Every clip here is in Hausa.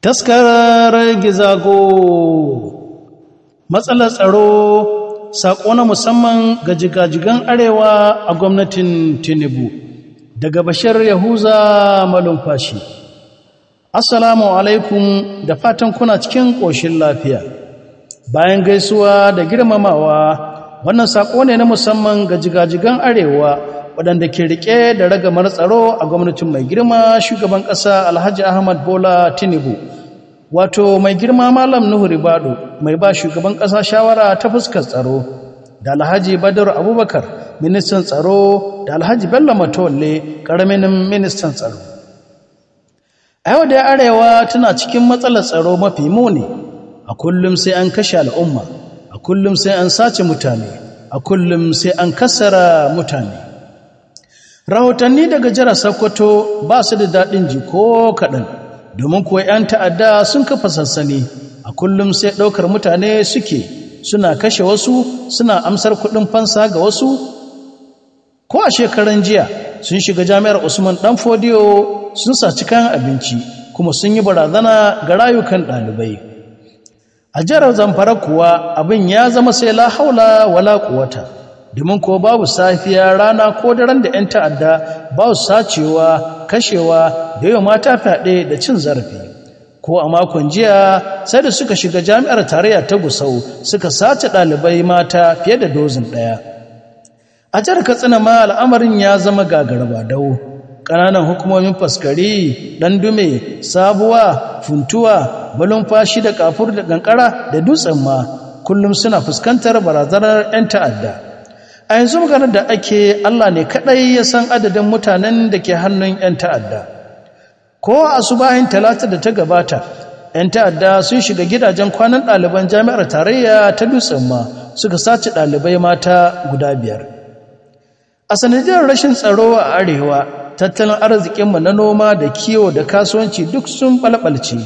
taskarar gizago matsalar tsaro saƙo na musamman ga jigajigan arewa a gwamnatin tinubu daga bashar yahuza malumfashi assalamu alaikum da fatan kuna cikin ƙoshin lafiya bayan gaisuwa da girmamawa wannan saƙo ne na musamman ga jigajigan arewa waɗanda ke riƙe da ragamar tsaro a gwamnatin mai girma shugaban ƙasa alhaji ahmad bola tinubu wato mai girma malam nuhu ribado mai ba shugaban ƙasa shawara ta fuskar tsaro da alhaji badar abubakar ministan tsaro da alhaji bello matolle ƙaramin ministan tsaro a yau da arewa tana cikin matsalar tsaro mafi muni a kullum sai an kashe al'umma a kullum sai an sace mutane a kullum sai an kasara mutane rahotanni daga jihar sokoto ba su da daɗin ji ko kaɗan domin kuwa 'yan ta'adda sun kafa sassani a kullum sai ɗaukar mutane suke suna kashe wasu suna amsar kuɗin fansa ga wasu ko a shekaran jiya sun shiga jami'ar usman ɗan fodiyo sun saci kayan abinci kuma sun yi barazana ga rayukan ɗalibai a jihar zamfara kuwa abin ya zama sai la haula wala kuwata domin ko babu safiya rana ko daren da 'yan ta'adda babu sacewa kashewa da yau mata fyaɗe da cin zarafi ko a makon jiya sai da suka shiga jami'ar tarayya ta gusau suka sace ɗalibai mata fiye da dozin ɗaya a jar katsina ma al'amarin ya zama gagarba dau ƙananan hukumomin faskari ɗan dume sabuwa funtuwa balumfashi da Ƙafur, da ƙanƙara da dutsen ma kullum suna fuskantar barazanar 'yan ta'adda a yanzu maganar da ake Allah ne kaɗai ya san adadin mutanen da ke hannun 'yan ta'adda ko a bayan talata da ta gabata 'yan ta'adda sun shiga gidajen kwanan ɗaliban jami'ar tarayya ta dutsen ma suka sace ɗalibai mata guda biyar a sanadiyar rashin tsaro a arewa tattalin arzikinmu na noma da kiwo da kasuwanci duk sun ɓalɓalce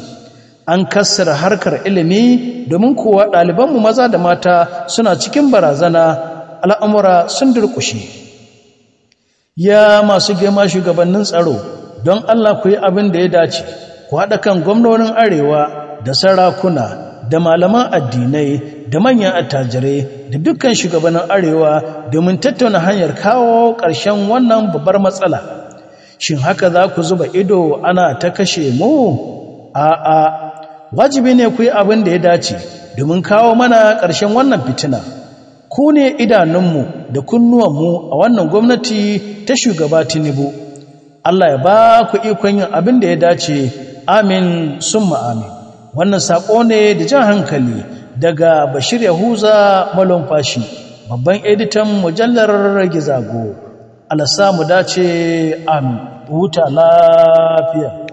an kassara harkar ilimi domin kuwa ɗalibanmu maza da mata suna cikin barazana al'amura sun durkushe ya masu girma shugabannin tsaro don Allah ku yi abin da ya dace ku haɗa kan gwamnonin arewa da sarakuna da malaman addinai da manyan attajirai da dukkan shugabannin arewa domin tattauna hanyar kawo ƙarshen wannan babbar matsala shin haka za ku zuba ido ana ta kashe mu a'a wajibi ne ku yi abin da ya dace domin kawo mana ƙarshen wannan fitina ku ne idanunmu da kunnuwanmu a wannan gwamnati ta shugaba tinubu allah ya ba ku ikon yin abin da ya dace amin summa amin wannan saƙo ne da jan hankali daga bashir yahuza malumfashi babban editan mujallar zago. alasa mu dace amin huta lafiya